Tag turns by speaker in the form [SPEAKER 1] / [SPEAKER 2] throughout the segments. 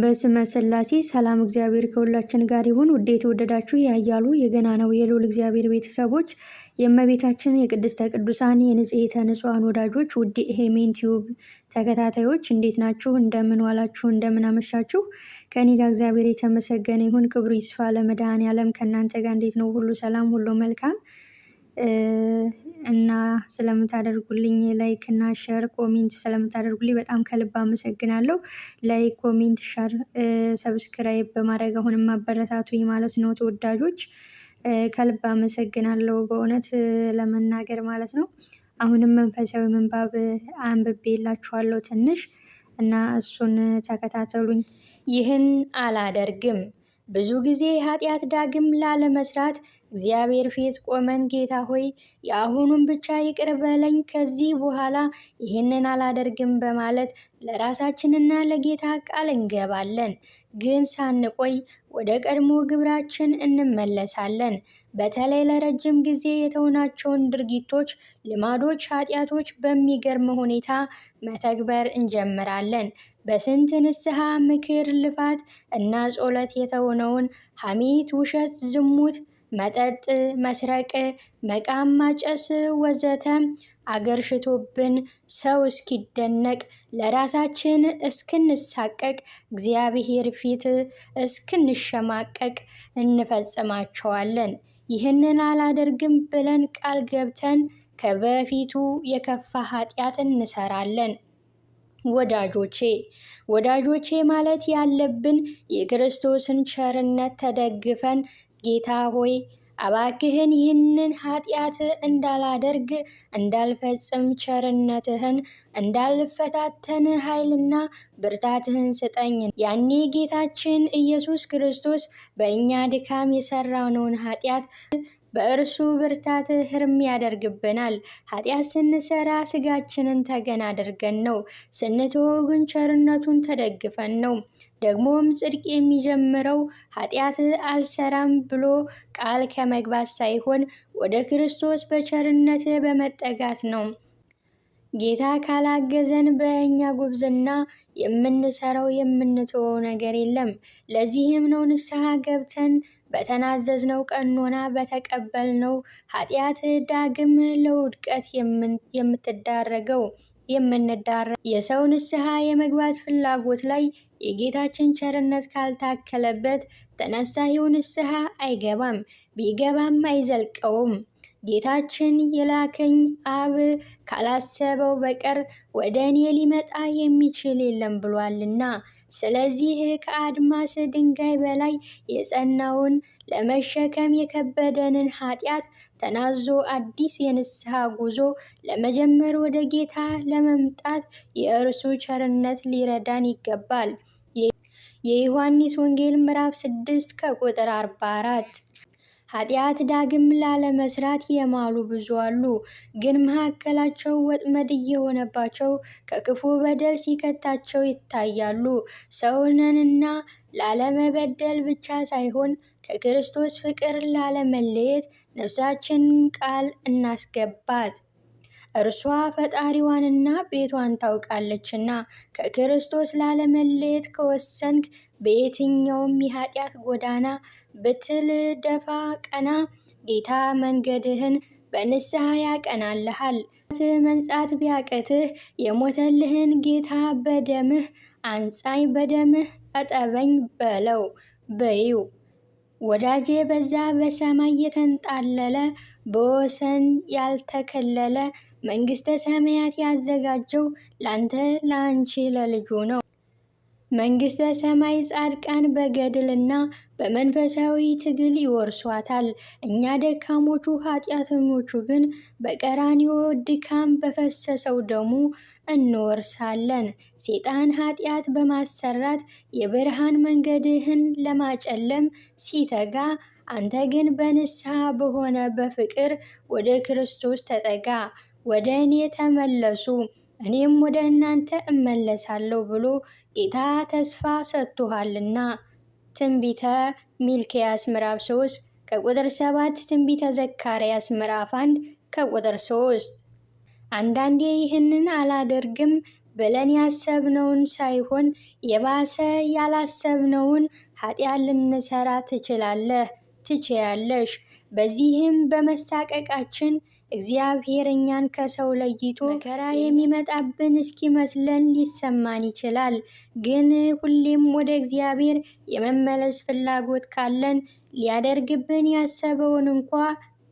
[SPEAKER 1] በስመ ስላሴ ሰላም እግዚአብሔር ከሁላችን ጋር ይሁን። ውድ የተወደዳችሁ ያያሉ ነው የልዑል እግዚአብሔር ቤተሰቦች የእመቤታችን የቅድስተ ቅዱሳን የንጽሄተ ንጹሐን ወዳጆች ውድ ሄሜን ቲዩብ ተከታታዮች እንዴት ናችሁ? እንደምን ዋላችሁ? እንደምን አመሻችሁ? ከኔ ጋር እግዚአብሔር የተመሰገነ ይሁን። ክብሩ ይስፋ ለመድኃኔ ዓለም። ከእናንተ ጋር እንዴት ነው? ሁሉ ሰላም፣ ሁሉ መልካም እና ስለምታደርጉልኝ ላይክ እና ሸር ኮሜንት ስለምታደርጉልኝ በጣም ከልብ አመሰግናለሁ። ላይክ ኮሜንት ሸር ሰብስክራይብ በማድረግ አሁንም ማበረታቱኝ ማለት ነው ተወዳጆች ከልብ አመሰግናለሁ በእውነት ለመናገር ማለት ነው። አሁንም መንፈሳዊ ምንባብ አንብቤላችኋለሁ ትንሽ እና እሱን ተከታተሉኝ።
[SPEAKER 2] ይህን አላደርግም ብዙ ጊዜ ኃጢአት ዳግም ላለመስራት እግዚአብሔር ፊት ቆመን ጌታ ሆይ የአሁኑን ብቻ ይቅር በለኝ፣ ከዚህ በኋላ ይህንን አላደርግም በማለት ለራሳችንና ለጌታ ቃል እንገባለን። ግን ሳንቆይ ወደ ቀድሞ ግብራችን እንመለሳለን። በተለይ ለረጅም ጊዜ የተውናቸውን ድርጊቶች፣ ልማዶች፣ ኃጢአቶች በሚገርም ሁኔታ መተግበር እንጀምራለን። በስንት ንስሐ ምክር፣ ልፋት እና ጾለት የተውነውን ሐሜት፣ ውሸት፣ ዝሙት፣ መጠጥ፣ መስረቅ፣ መቃም፣ ማጨስ ወዘተ አገር ሽቶብን ሰው እስኪደነቅ ለራሳችን እስክንሳቀቅ እግዚአብሔር ፊት እስክንሸማቀቅ እንፈጽማቸዋለን። ይህንን አላደርግም ብለን ቃል ገብተን ከበፊቱ የከፋ ኃጢአት እንሰራለን። ወዳጆቼ ወዳጆቼ ማለት ያለብን የክርስቶስን ቸርነት ተደግፈን ጌታ ሆይ አባክህን ይህንን ኃጢአት እንዳላደርግ እንዳልፈጽም ቸርነትህን እንዳልፈታተን ኃይልና ብርታትህን ስጠኝ። ያኔ ጌታችን ኢየሱስ ክርስቶስ በእኛ ድካም የሰራነውን ኃጢአት በእርሱ ብርታት ህርም ያደርግብናል። ኃጢአት ስንሰራ ስጋችንን ተገን አድርገን ነው፣ ስንተወው ግን ቸርነቱን ተደግፈን ነው። ደግሞም ጽድቅ የሚጀምረው ኃጢአት አልሰራም ብሎ ቃል ከመግባት ሳይሆን ወደ ክርስቶስ በቸርነት በመጠጋት ነው። ጌታ ካላገዘን በእኛ ጉብዝና የምንሰራው የምንተወው ነገር የለም። ለዚህም ነው ንስሐ ገብተን በተናዘዝነው ቀኖና በተቀበልነው ኃጢአት ዳግም ለውድቀት የምትዳረገው። የምንዳረግ የሰው ንስሐ የመግባት ፍላጎት ላይ የጌታችን ቸርነት ካልታከለበት ተነሳሂው ንስሐ አይገባም፣ ቢገባም አይዘልቀውም። ጌታችን የላከኝ አብ ካላሰበው በቀር ወደ እኔ ሊመጣ የሚችል የለም ብሏልና፣ ስለዚህ ከአድማስ ድንጋይ በላይ የጸናውን ለመሸከም የከበደንን ኃጢአት ተናዞ አዲስ የንስሐ ጉዞ ለመጀመር ወደ ጌታ ለመምጣት የእርሱ ቸርነት ሊረዳን ይገባል። የዮሐንስ ወንጌል ምዕራፍ 6 ከቁጥር 44 ኃጢአት ዳግም ላለመስራት የማሉ ብዙ አሉ። ግን መካከላቸው ወጥመድ እየሆነባቸው ከክፉ በደል ሲከታቸው ይታያሉ። ሰውነንና ላለመበደል ብቻ ሳይሆን ከክርስቶስ ፍቅር ላለመለየት ነፍሳችንን ቃል እናስገባት። እርሷ ፈጣሪዋንና ቤቷን ታውቃለችና ከክርስቶስ ላለመለየት ከወሰንክ በየትኛውም የኃጢአት ጎዳና ብትል ደፋ ቀና ጌታ መንገድህን በንስሐ ያቀናልሃል። መንጻት ቢያቀትህ የሞተልህን ጌታ በደምህ አንጻኝ፣ በደምህ አጠበኝ በለው በይው። ወዳጄ በዛ በሰማይ የተንጣለለ በወሰን ያልተከለለ መንግስተ ሰማያት ያዘጋጀው ላንተ ለአንቺ ለልጁ ነው። መንግስተ ሰማይ ጻድቃን በገድልና በመንፈሳዊ ትግል ይወርሷታል። እኛ ደካሞቹ ኃጢአተኞቹ ግን በቀራንዮ ድካም በፈሰሰው ደሙ እንወርሳለን። ሴጣን ኃጢአት በማሰራት የብርሃን መንገድህን ለማጨለም ሲተጋ፣ አንተ ግን በንስሐ በሆነ በፍቅር ወደ ክርስቶስ ተጠጋ። ወደ እኔ ተመለሱ እኔም ወደ እናንተ እመለሳለሁ ብሎ ጌታ ተስፋ ሰጥቶሃልና። ትንቢተ ሚልክያስ ምዕራፍ 3 ከቁጥር 7፣ ትንቢተ ዘካርያስ ምዕራፍ 1 ከቁጥር 3። አንዳንዴ ይህንን አላደርግም ብለን ያሰብነውን ሳይሆን የባሰ ያላሰብነውን ኃጢአት ልንሰራ ትችላለህ። ትችያለሽ። በዚህም በመሳቀቃችን እግዚአብሔር እኛን ከሰው ለይቶ መከራ የሚመጣብን እስኪመስለን ሊሰማን ይችላል። ግን ሁሌም ወደ እግዚአብሔር የመመለስ ፍላጎት ካለን ሊያደርግብን ያሰበውን እንኳ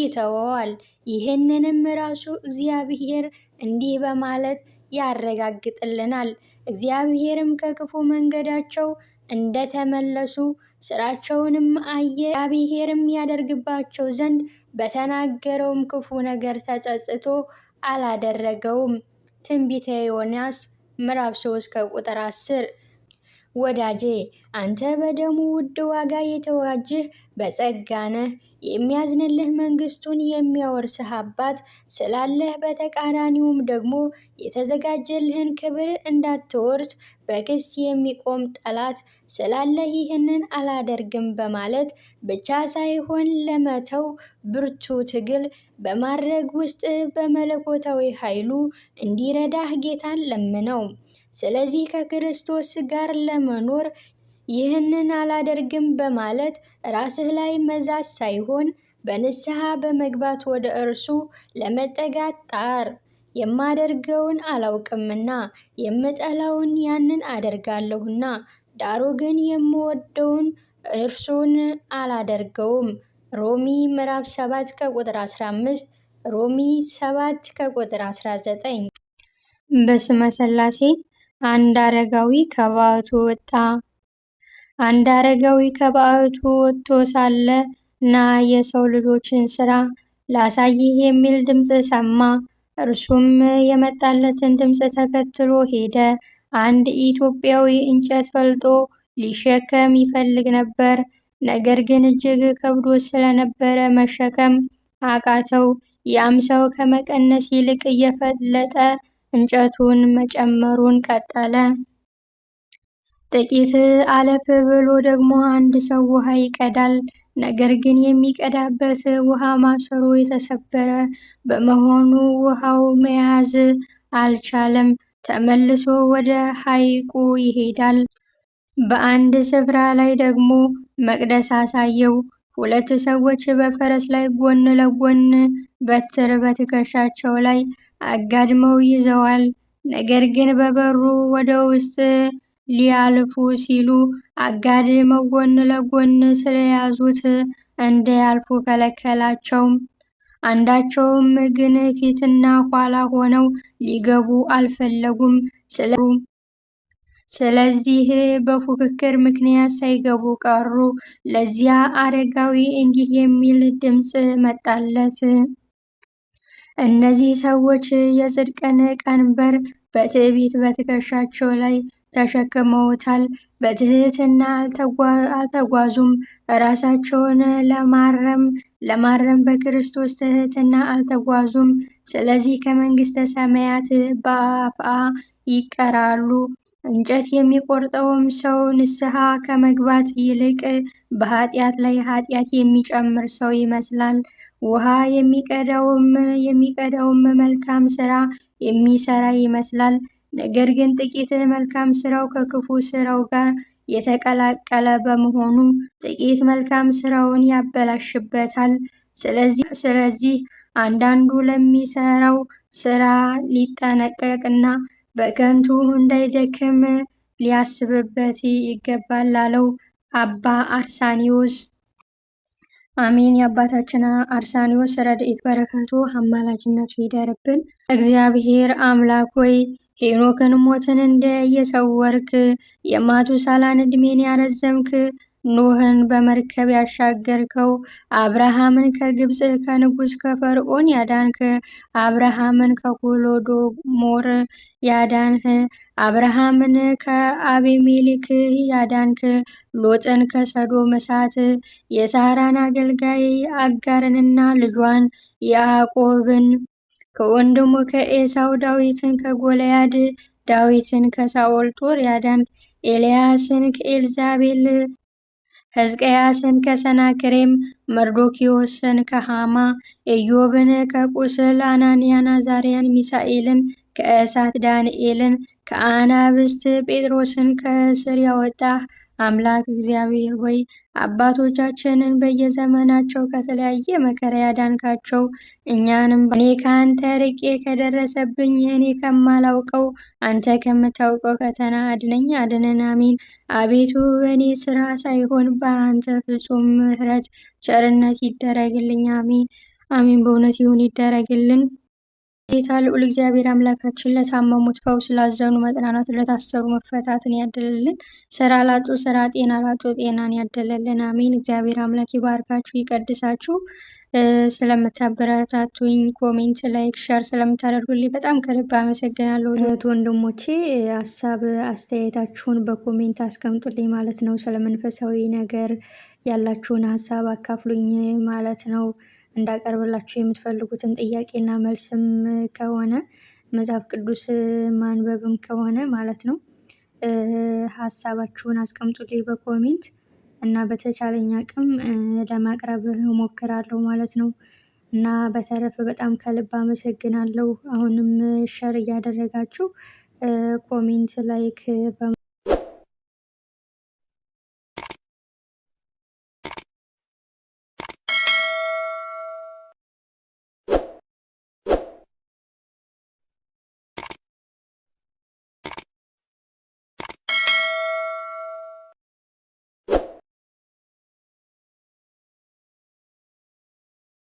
[SPEAKER 2] ይተወዋል። ይህንንም ራሱ እግዚአብሔር እንዲህ በማለት ያረጋግጥልናል። እግዚአብሔርም ከክፉ መንገዳቸው እንደተመለሱ ስራቸውንም አየ። እግዚአብሔርም ያደርግባቸው ዘንድ በተናገረውም ክፉ ነገር ተጸጽቶ አላደረገውም። ትንቢተ ዮናስ ምዕራፍ 3 ከቁጥር 10 ወዳጄ አንተ በደሙ ውድ ዋጋ የተዋጅህ በጸጋ ነህ። የሚያዝንልህ መንግስቱን የሚያወርስህ አባት ስላለህ፣ በተቃራኒውም ደግሞ የተዘጋጀልህን ክብር እንዳትወርስ በክስ የሚቆም ጠላት ስላለ ይህንን አላደርግም በማለት ብቻ ሳይሆን ለመተው ብርቱ ትግል በማድረግ ውስጥ በመለኮታዊ ኃይሉ እንዲረዳህ ጌታን ለምነው። ስለዚህ ከክርስቶስ ጋር ለመኖር ይህንን አላደርግም በማለት ራስህ ላይ መዛዝ ሳይሆን በንስሐ በመግባት ወደ እርሱ ለመጠጋት ጣር። የማደርገውን አላውቅምና የምጠላውን ያንን አደርጋለሁና ዳሩ ግን የምወደውን እርሱን አላደርገውም። ሮሚ ምዕራፍ 7 ከቁጥር 15 ሮሚ 7 ከቁጥር 19
[SPEAKER 3] በስመ ሥላሴ አንድ አረጋዊ ከባቱ ወጣ። አንድ አረጋዊ ከባቱ ወጥቶ ሳለ ና የሰው ልጆችን ስራ ላሳይህ የሚል ድምፅ ሰማ። እርሱም የመጣለትን ድምፅ ተከትሎ ሄደ። አንድ ኢትዮጵያዊ እንጨት ፈልጦ ሊሸከም ይፈልግ ነበር፣ ነገር ግን እጅግ ከብዶ ስለነበረ መሸከም አቃተው። ያም ሰው ከመቀነስ ይልቅ እየፈለጠ እንጨቱን መጨመሩን ቀጠለ። ጥቂት አለፍ ብሎ ደግሞ አንድ ሰው ውሃ ይቀዳል። ነገር ግን የሚቀዳበት ውሃ ማሰሮ የተሰበረ በመሆኑ ውሃው መያዝ አልቻለም። ተመልሶ ወደ ሐይቁ ይሄዳል። በአንድ ስፍራ ላይ ደግሞ መቅደስ አሳየው። ሁለት ሰዎች በፈረስ ላይ ጎን ለጎን በትር በትከሻቸው ላይ አጋድመው ይዘዋል። ነገር ግን በበሩ ወደ ውስጥ ሊያልፉ ሲሉ አጋድመው ጎን ለጎን ስለያዙት እንዳያልፉ ከለከላቸው። አንዳቸውም ግን ፊትና ኋላ ሆነው ሊገቡ አልፈለጉም። ስለዚህ በፉክክር ምክንያት ሳይገቡ ቀሩ። ለዚያ አረጋዊ እንዲህ የሚል ድምፅ መጣለት። እነዚህ ሰዎች የጽድቅን ቀንበር በትዕቢት በትከሻቸው ላይ ተሸክመውታል። በትህትና አልተጓዙም። ራሳቸውን ለማረም ለማረም በክርስቶስ ትህትና አልተጓዙም። ስለዚህ ከመንግስተ ሰማያት በአፍአ ይቀራሉ። እንጨት የሚቆርጠውም ሰው ንስሐ ከመግባት ይልቅ በኃጢአት ላይ ኃጢአት የሚጨምር ሰው ይመስላል። ውሃ የሚቀዳውም የሚቀዳውም መልካም ስራ የሚሰራ ይመስላል። ነገር ግን ጥቂት መልካም ስራው ከክፉ ስራው ጋር የተቀላቀለ በመሆኑ ጥቂት መልካም ስራውን ያበላሽበታል። ስለዚህ አንዳንዱ ለሚሰራው ስራ ሊጠነቀቅና በከንቱ እንዳይደክም ሊያስብበት ይገባል አለው አባ አርሳኒዎስ። አሜን። የአባታችን አርሳኒዎስ ረድኤት በረከቱ አማላጅነቱ ይደርብን። እግዚአብሔር አምላክ ሆይ ሄኖክን ሞትን እንደየሰው ወርክ የማቱሳላን እድሜን ያረዘምክ ኖህን በመርከብ ያሻገርከው አብርሃምን ከግብፅ ከንጉሥ ከፈርዖን ያዳንክ አብርሃምን ከኮሎዶሞር ያዳንህ አብርሃምን ከአቤሜሌክ ያዳንክ ሎጥን ከሰዶም እሳት የሳራን አገልጋይ አጋርንና ልጇን ያዕቆብን ከወንድሙ ከኤሳው ዳዊትን ከጎልያድ ዳዊትን ከሳኦል ጦር ያዳንክ ኤልያስን ከኤልዛቤል ሕዝቅያስን ከሰናክሬም መርዶኪዎስን ከሃማ ኢዮብን ከቁስል አናንያን አዛርያን ሚሳኤልን ከእሳት ዳንኤልን ከአናብስት ጴጥሮስን ከእስር ያወጣህ አምላክ እግዚአብሔር ወይ አባቶቻችንን በየዘመናቸው ከተለያየ መከራ ያዳንካቸው፣ እኛንም እኔ ከአንተ ርቄ ከደረሰብኝ እኔ ከማላውቀው አንተ ከምታውቀው ፈተና አድነኝ አድነን፣ አሜን። አቤቱ በእኔ ስራ ሳይሆን በአንተ ፍጹም ምሕረት ቸርነት ይደረግልኝ፣ አሜን አሜን። በእውነት ይሁን ይደረግልን። ጌታ ልዑል እግዚአብሔር አምላካችን ለታመሙት ፈውስ፣ ላዘኑ መጽናናት፣ ለታሰሩ መፈታትን ያደለልን። ስራ ላጡ ስራ፣ ጤና ላጡ ጤናን ያደለልን። አሜን። እግዚአብሔር አምላክ ይባርካችሁ፣ ይቀድሳችሁ። ስለምታበረታቱኝ ኮሜንት፣ ላይክ፣ ሸር ስለምታደርጉልኝ በጣም ከልብ አመሰግናለሁ።
[SPEAKER 4] እህት ወንድሞቼ ሀሳብ አስተያየታችሁን በኮሜንት አስቀምጡልኝ ማለት ነው። ስለመንፈሳዊ ነገር ያላችሁን ሀሳብ አካፍሉኝ ማለት ነው። እንዳቀርብላችሁ የምትፈልጉትን ጥያቄና መልስም ከሆነ መጽሐፍ ቅዱስ ማንበብም ከሆነ ማለት ነው ሀሳባችሁን አስቀምጡልኝ በኮሜንት እና በተቻለኝ አቅም ለማቅረብ እሞክራለሁ ማለት ነው። እና በተረፈ በጣም ከልብ አመሰግናለሁ። አሁንም ሸር እያደረጋችሁ ኮሜንት ላይክ